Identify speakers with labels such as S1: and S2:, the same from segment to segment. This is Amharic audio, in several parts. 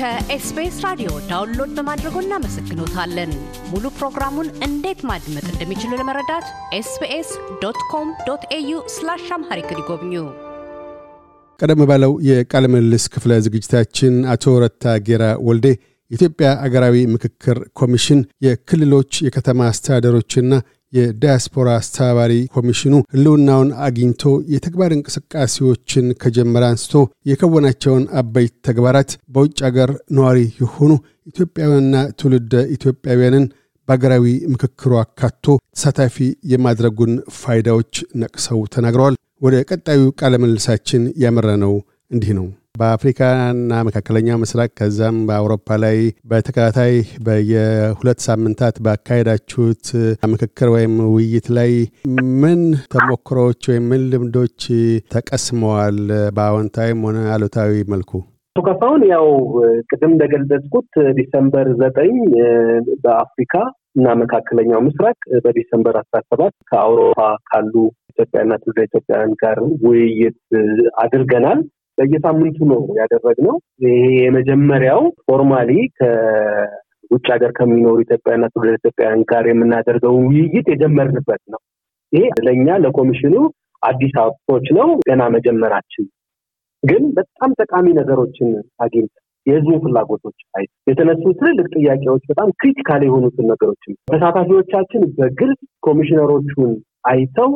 S1: ከኤስቢኤስ ራዲዮ ዳውንሎድ በማድረጎ እናመሰግኖታለን። ሙሉ ፕሮግራሙን እንዴት ማድመጥ እንደሚችሉ ለመረዳት ኤስቢኤስ ዶት ኮም ዶት ኤዩ ስላሽ አምሃሪክ ይጎብኙ።
S2: ቀደም ባለው የቃለ ምልልስ ክፍለ ዝግጅታችን አቶ ረታ ጌራ ወልዴ የኢትዮጵያ አገራዊ ምክክር ኮሚሽን የክልሎች የከተማ አስተዳደሮችና የዲያስፖራ አስተባባሪ ኮሚሽኑ ህልውናውን አግኝቶ የተግባር እንቅስቃሴዎችን ከጀመረ አንስቶ የከወናቸውን አበይት ተግባራት በውጭ አገር ነዋሪ የሆኑ ኢትዮጵያውያንና ትውልደ ኢትዮጵያውያንን በአገራዊ ምክክሩ አካቶ ተሳታፊ የማድረጉን ፋይዳዎች ነቅሰው ተናግረዋል። ወደ ቀጣዩ ቃለ ምልልሳችን ያመራ ነው እንዲህ ነው። በአፍሪካና መካከለኛው ምስራቅ ከዛም በአውሮፓ ላይ በተከታታይ በየሁለት ሳምንታት ባካሄዳችሁት ምክክር ወይም ውይይት ላይ ምን ተሞክሮዎች ወይም ምን ልምዶች ተቀስመዋል? በአዎንታዊም ሆነ አሉታዊ መልኩ
S1: አቶ ያው ቅድም እንደገለጽኩት ዲሰምበር ዘጠኝ በአፍሪካ እና መካከለኛው ምስራቅ በዲሰምበር አስራ ሰባት ከአውሮፓ ካሉ ኢትዮጵያና ትውልደ ኢትዮጵያውያን ጋር ውይይት አድርገናል። በየሳምንቱ ነው ያደረግነው። ይሄ የመጀመሪያው ፎርማሊ ከውጭ ሀገር ከሚኖሩ ኢትዮጵያና ትውልደ ኢትዮጵያውያን ጋር የምናደርገውን ውይይት የጀመርንበት ነው። ይሄ ለእኛ ለኮሚሽኑ አዲስ አበቦች ነው ገና መጀመራችን፣ ግን በጣም ጠቃሚ ነገሮችን አግኝተ የህዝቡን ፍላጎቶች አይ የተነሱ ትልልቅ ጥያቄዎች በጣም ክሪቲካል የሆኑትን ነገሮችን ተሳታፊዎቻችን በግልጽ ኮሚሽነሮቹን አይተው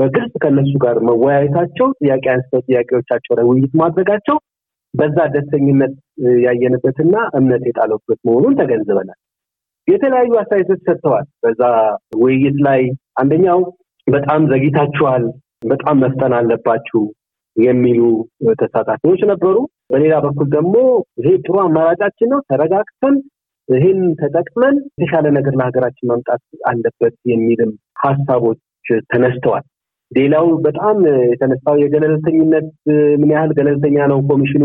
S1: በግልጽ ከነሱ ጋር መወያየታቸው፣ ጥያቄ አንስተው ጥያቄዎቻቸው ላይ ውይይት ማድረጋቸው በዛ ደስተኝነት ያየንበትና እምነት የጣለበት መሆኑን ተገንዝበናል። የተለያዩ አስተያየቶች ሰጥተዋል። በዛ ውይይት ላይ አንደኛው በጣም ዘግይታችኋል፣ በጣም መፍጠን አለባችሁ የሚሉ ተሳታፊዎች ነበሩ። በሌላ በኩል ደግሞ ይሄ ጥሩ አማራጫችን ነው፣ ተረጋግተን ይህን ተጠቅመን የተሻለ ነገር ለሀገራችን ማምጣት አለበት የሚልም ሀሳቦች ተነስተዋል። ሌላው በጣም የተነሳው የገለልተኝነት ምን ያህል ገለልተኛ ነው ኮሚሽኑ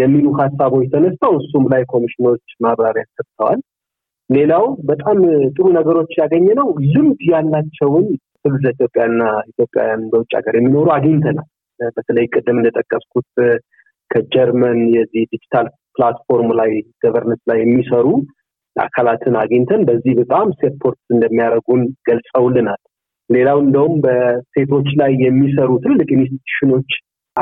S1: የሚሉ ሀሳቦች ተነስተው እሱም ላይ ኮሚሽኖች ማብራሪያ ሰጥተዋል። ሌላው በጣም ጥሩ ነገሮች ያገኘ ነው ልምድ ያላቸውን ትግዝ ኢትዮጵያና ኢትዮጵያውያን በውጭ ሀገር የሚኖሩ አግኝተናል። በተለይ ቅድም እንደጠቀስኩት ከጀርመን የዚህ ዲጂታል ፕላትፎርም ላይ ገቨርነንስ ላይ የሚሰሩ አካላትን አግኝተን በዚህ በጣም ሴፖርት እንደሚያደርጉን ገልጸውልናል። ሌላው እንደውም በሴቶች ላይ የሚሰሩ ትልልቅ ኢንስቲትዩሽኖች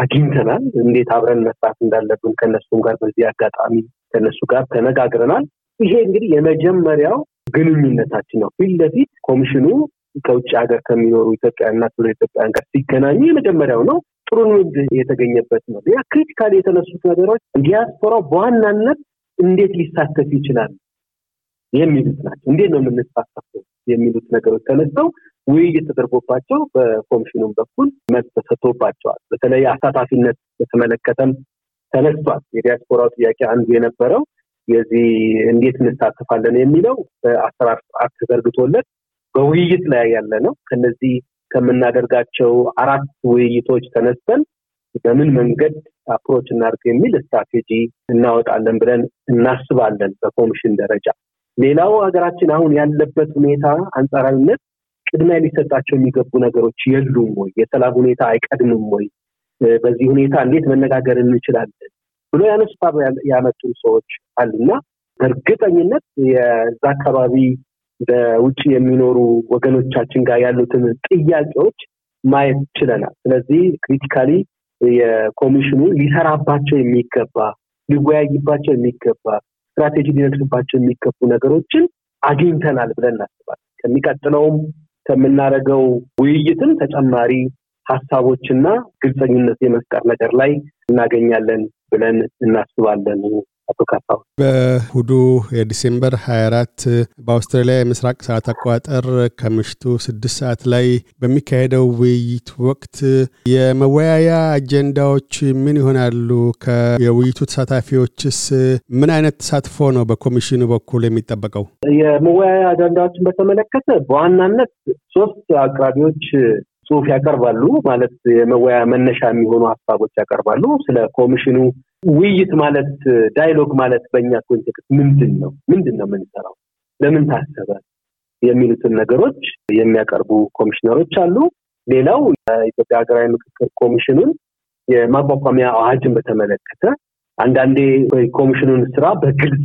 S1: አግኝተናል። እንዴት አብረን መስራት እንዳለብን ከነሱም ጋር በዚህ አጋጣሚ ከነሱ ጋር ተነጋግረናል። ይሄ እንግዲህ የመጀመሪያው ግንኙነታችን ነው። ፊት ለፊት ኮሚሽኑ ከውጭ ሀገር ከሚኖሩ ኢትዮጵያና ትውልደ ኢትዮጵያን ጋር ሲገናኙ የመጀመሪያው ነው። ጥሩ ንግድ የተገኘበት ነው። ያ ክሪቲካል የተነሱት ነገሮች ዲያስፖራው በዋናነት እንዴት ሊሳተፍ ይችላል የሚሉት ናቸው። እንዴት ነው የምንሳተፈው የሚሉት ነገሮች ተነስተው ውይይት ተደርጎባቸው በኮሚሽኑም በኩል መልስ ተሰጥቶባቸዋል። በተለይ አሳታፊነት በተመለከተም ተነስቷል። የዲያስፖራው ጥያቄ አንዱ የነበረው የዚህ እንዴት እንሳተፋለን የሚለው በአሰራር ሰዓት ተዘርግቶለት በውይይት ላይ ያለ ነው። ከነዚህ ከምናደርጋቸው አራት ውይይቶች ተነስተን በምን መንገድ አፕሮች እናድርግ የሚል ስትራቴጂ እናወጣለን ብለን እናስባለን በኮሚሽን ደረጃ። ሌላው ሀገራችን አሁን ያለበት ሁኔታ አንጻራዊነት ቅድሚያ ሊሰጣቸው የሚገቡ ነገሮች የሉም ወይ? የሰላም ሁኔታ አይቀድምም ወይ? በዚህ ሁኔታ እንዴት መነጋገር እንችላለን ብሎ ያነሳ ያመጡን ሰዎች አሉና በእርግጠኝነት የዛ አካባቢ በውጭ የሚኖሩ ወገኖቻችን ጋር ያሉትን ጥያቄዎች ማየት ችለናል። ስለዚህ ክሪቲካሊ የኮሚሽኑ ሊሰራባቸው የሚገባ ሊወያይባቸው የሚገባ ስትራቴጂ ሊነድፍባቸው የሚገቡ ነገሮችን አግኝተናል ብለን እናስባለን። ከሚቀጥለውም ከምናደርገው ውይይትም ተጨማሪ ሀሳቦችና ግልጸኝነት የመፍጠር ነገር ላይ እናገኛለን ብለን እናስባለን። አቶ
S2: ካሳሁን የዲሴምበር 24 በአውስትራሊያ የምስራቅ ሰዓት አቆጣጠር ከምሽቱ ስድስት ሰዓት ላይ በሚካሄደው ውይይት ወቅት የመወያያ አጀንዳዎች ምን ይሆናሉ? የውይይቱ ተሳታፊዎችስ ምን አይነት ተሳትፎ ነው በኮሚሽኑ በኩል የሚጠበቀው?
S1: የመወያያ አጀንዳዎችን በተመለከተ በዋናነት ሶስት አቅራቢዎች ጽሁፍ ያቀርባሉ። ማለት የመወያያ መነሻ የሚሆኑ ሀሳቦች ያቀርባሉ። ስለ ኮሚሽኑ ውይይት ማለት ዳይሎግ ማለት በእኛ ኮንቴክስት ምንድን ነው? ምንድን ነው የምንሰራው? ለምን ታሰበ? የሚሉትን ነገሮች የሚያቀርቡ ኮሚሽነሮች አሉ። ሌላው የኢትዮጵያ ሀገራዊ ምክክር ኮሚሽኑን የማቋቋሚያ አዋጅን በተመለከተ አንዳንዴ ኮሚሽኑን ስራ በግልጽ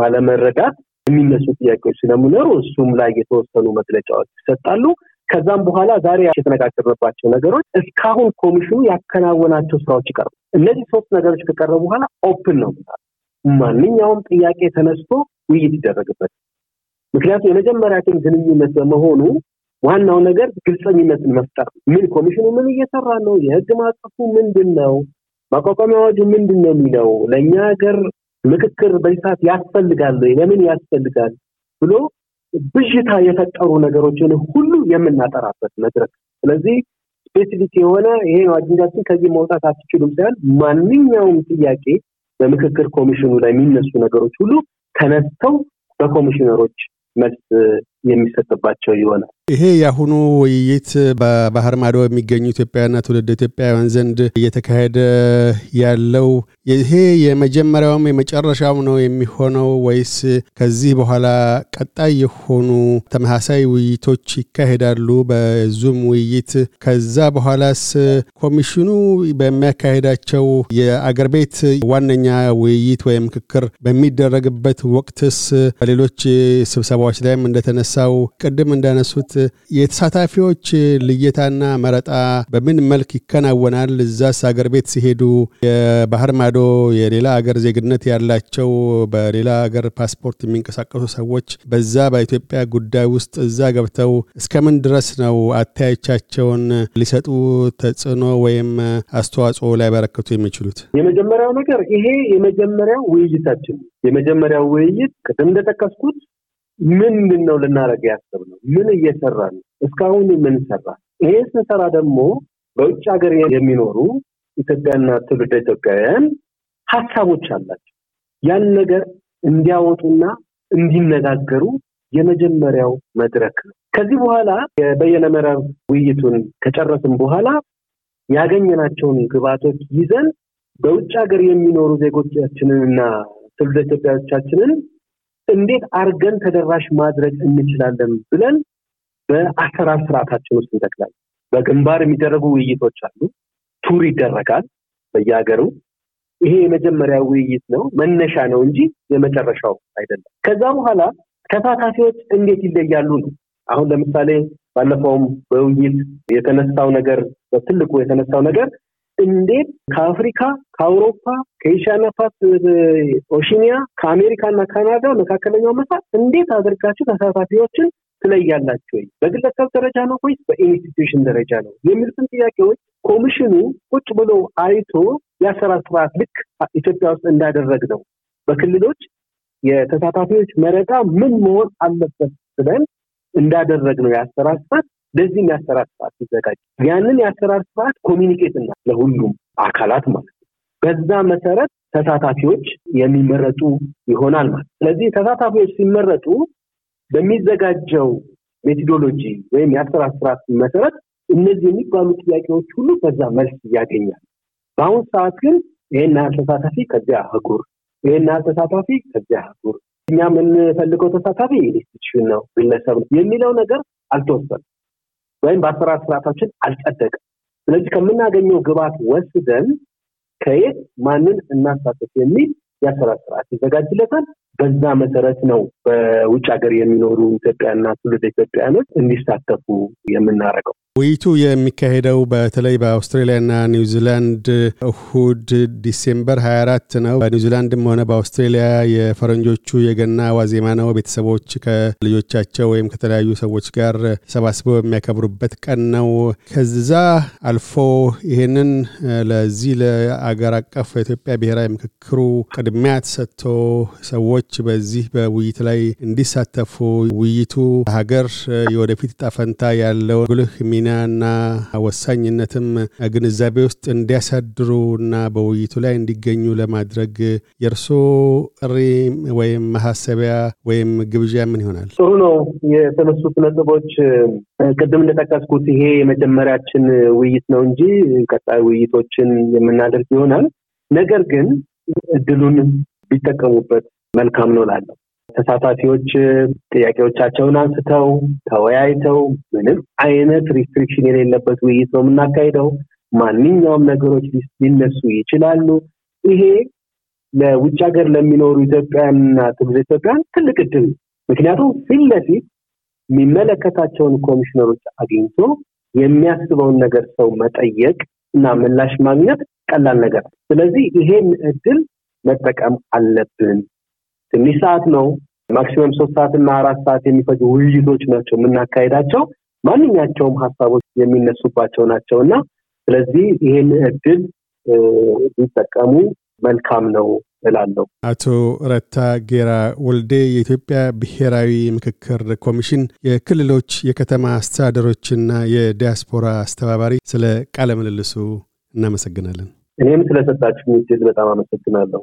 S1: ባለመረዳት የሚነሱ ጥያቄዎች ስለሚኖሩ እሱም ላይ የተወሰኑ መግለጫዎች ይሰጣሉ። ከዛም በኋላ ዛሬ የተነጋገርንባቸው ነገሮች እስካሁን ኮሚሽኑ ያከናወናቸው ስራዎች ይቀርባል። እነዚህ ሶስት ነገሮች ከቀረቡ በኋላ ኦፕን ነው። ማንኛውም ጥያቄ ተነስቶ ውይይት ይደረግበት። ምክንያቱም የመጀመሪያችን ግንኙነት በመሆኑ ዋናው ነገር ግልጸኝነትን መፍጠር፣ ምን ኮሚሽኑ ምን እየሰራ ነው፣ የህግ ማቀፉ ምንድን ነው፣ ማቋቋሚያ አዋጁ ምንድን ነው የሚለው ለእኛ ሀገር ምክክር በዚህ ያስፈልጋል፣ ለምን ያስፈልጋል ብሎ ብዥታ የፈጠሩ ነገሮችን ሁሉ የምናጠራበት መድረክ ስለዚህ ስፔሲፊክ የሆነ ይሄ ነው አጀንዳችን ከዚህ መውጣት አትችሉም ሳይሆን ማንኛውም ጥያቄ በምክክር ኮሚሽኑ ላይ የሚነሱ ነገሮች ሁሉ ተነስተው በኮሚሽነሮች መልስ የሚሰጥባቸው ይሆናል።
S2: ይሄ የአሁኑ ውይይት በባህር ማዶ የሚገኙ ኢትዮጵያና ትውልድ ኢትዮጵያውያን ዘንድ እየተካሄደ ያለው ይሄ የመጀመሪያውም የመጨረሻውም ነው የሚሆነው ወይስ ከዚህ በኋላ ቀጣይ የሆኑ ተመሳሳይ ውይይቶች ይካሄዳሉ? በዙም ውይይት ከዛ በኋላስ ኮሚሽኑ በሚያካሄዳቸው የአገር ቤት ዋነኛ ውይይት ወይም ምክክር በሚደረግበት ወቅትስ በሌሎች ስብሰባዎች ላይም እንደተነሳ የተነሳው? ቅድም እንዳነሱት የተሳታፊዎች ልየታና መረጣ በምን መልክ ይከናወናል? እዛስ አገር ቤት ሲሄዱ የባህር ማዶ የሌላ አገር ዜግነት ያላቸው በሌላ አገር ፓስፖርት የሚንቀሳቀሱ ሰዎች በዛ በኢትዮጵያ ጉዳይ ውስጥ እዛ ገብተው እስከምን ድረስ ነው አተያየቻቸውን ሊሰጡ ተጽዕኖ ወይም አስተዋጽኦ ሊያበረክቱ የሚችሉት?
S1: የመጀመሪያው ነገር ይሄ የመጀመሪያው ውይይታችን የመጀመሪያው ውይይት ቅድም እንደጠቀስኩት ምንድን ነው ልናደርግ ነው? ምን እየሰራ ነው? እስካሁን ምን ሰራ? ይሄ ስንሰራ ደግሞ በውጭ ሀገር የሚኖሩ ኢትዮጵያና ትውልደ ኢትዮጵያውያን ሀሳቦች አላቸው። ያን ነገር እንዲያወጡና እንዲነጋገሩ የመጀመሪያው መድረክ ነው። ከዚህ በኋላ የበየነ መረብ ውይይቱን ከጨረስን በኋላ ያገኘናቸውን ግብዓቶች ይዘን በውጭ ሀገር የሚኖሩ ዜጎቻችንን እና ትውልደ ኢትዮጵያዎቻችንን እንዴት አርገን ተደራሽ ማድረግ እንችላለን ብለን በአሰራር ስርዓታችን ውስጥ እንተክላለን። በግንባር የሚደረጉ ውይይቶች አሉ። ቱር ይደረጋል በየሀገሩ። ይሄ የመጀመሪያ ውይይት ነው፣ መነሻ ነው እንጂ የመጨረሻው አይደለም። ከዛ በኋላ ተሳታፊዎች እንዴት ይለያሉ ነው። አሁን ለምሳሌ ባለፈውም በውይይት የተነሳው ነገር በትልቁ የተነሳው ነገር እንዴት ከአፍሪካ፣ ከአውሮፓ፣ ከኤሽያ ነፋስ፣ ኦሺኒያ፣ ከአሜሪካና ካናዳ መካከለኛው መስራት እንዴት አድርጋችሁ ተሳታፊዎችን ትለያላችሁ ወይ በግለሰብ ደረጃ ነው ወይስ በኢንስቲትዩሽን ደረጃ ነው የሚሉትን ጥያቄዎች ኮሚሽኑ ቁጭ ብሎ አይቶ የአሰራር ስርዓት ልክ ኢትዮጵያ ውስጥ እንዳደረግ ነው በክልሎች የተሳታፊዎች መረጃ ምን መሆን አለበት ብለን እንዳደረግ ነው የአሰራር ስርዓት ለዚህም የአሰራር ስርዓት ሲዘጋጅ ያንን የአሰራር ስርዓት ኮሚኒኬት እና ለሁሉም አካላት ማለት ነው። በዛ መሰረት ተሳታፊዎች የሚመረጡ ይሆናል ማለት ስለዚህ ተሳታፊዎች ሲመረጡ በሚዘጋጀው ሜቶዶሎጂ ወይም የአሰራር ስርዓት መሰረት እነዚህ የሚባሉ ጥያቄዎች ሁሉ በዛ መልስ ያገኛል። በአሁን ሰዓት ግን ይህን ያህል ተሳታፊ ከዚያ አህጉር፣ ይህን ያህል ተሳታፊ ከዚያ አህጉር፣ እኛ የምንፈልገው ተሳታፊ ኢንስቲትዩሽን ነው ግለሰብ ነው የሚለው ነገር አልተወሰነም። ወይም በአሰራር ስርዓታችን አልጸደቅም። ስለዚህ ከምናገኘው ግብዓት ወስደን ከየት ማንን እናሳተፍ የሚል የአሰራር ስርዓት ይዘጋጅለታል። በዛ መሰረት ነው በውጭ ሀገር የሚኖሩ ኢትዮጵያና ትውልደ ኢትዮጵያኖች እንዲሳተፉ የምናደርገው።
S2: ውይይቱ የሚካሄደው በተለይ በአውስትሬሊያና ኒውዚላንድ እሁድ ዲሴምበር 24 ነው። በኒውዚላንድም ሆነ በአውስትሬሊያ የፈረንጆቹ የገና ዋዜማ ነው። ቤተሰቦች ከልጆቻቸው ወይም ከተለያዩ ሰዎች ጋር ሰባስበው የሚያከብሩበት ቀን ነው። ከዛ አልፎ ይህንን ለዚህ ለአገር አቀፍ የኢትዮጵያ ብሔራዊ ምክክሩ ቅድሚያ ተሰጥቶ ሰዎች በዚህ በውይይት ላይ እንዲሳተፉ ውይይቱ ሀገር የወደፊት ጣፈንታ ያለው ጉልህ ሚናና ወሳኝነትም ግንዛቤ ውስጥ እንዲያሳድሩና በውይይቱ ላይ እንዲገኙ ለማድረግ የእርሶ ጥሪ ወይም ማሳሰቢያ ወይም ግብዣ ምን ይሆናል?
S1: ጥሩ ነው። የተነሱት ነጥቦች ቅድም እንደጠቀስኩት ይሄ የመጀመሪያችን ውይይት ነው እንጂ ቀጣይ ውይይቶችን የምናደርግ ይሆናል። ነገር ግን እድሉን ቢጠቀሙበት መልካም ነው ላለው ተሳታፊዎች ጥያቄዎቻቸውን አንስተው ተወያይተው ምንም አይነት ሪስትሪክሽን የሌለበት ውይይት ነው የምናካሄደው። ማንኛውም ነገሮች ሊነሱ ይችላሉ። ይሄ ለውጭ ሀገር ለሚኖሩ ኢትዮጵያውያንና ትውልደ ኢትዮጵያውያን ትልቅ እድል ነው። ምክንያቱም ፊት ለፊት የሚመለከታቸውን ኮሚሽነሮች አግኝቶ የሚያስበውን ነገር ሰው መጠየቅ እና ምላሽ ማግኘት ቀላል ነገር። ስለዚህ ይሄን እድል መጠቀም አለብን ትንሽ ሰዓት ነው። ማክሲመም ሶስት ሰዓት እና አራት ሰዓት የሚፈጁ ውይይቶች ናቸው የምናካሄዳቸው። ማንኛቸውም ሀሳቦች የሚነሱባቸው ናቸው እና ስለዚህ ይህን እድል ሊጠቀሙ መልካም ነው
S2: እላለሁ። አቶ ረታ ጌራ ወልዴ የኢትዮጵያ ብሔራዊ ምክክር ኮሚሽን የክልሎች የከተማ አስተዳደሮችና የዲያስፖራ አስተባባሪ፣ ስለ ቃለ ምልልሱ እናመሰግናለን። እኔም ስለሰጣችሁ እድል በጣም አመሰግናለሁ።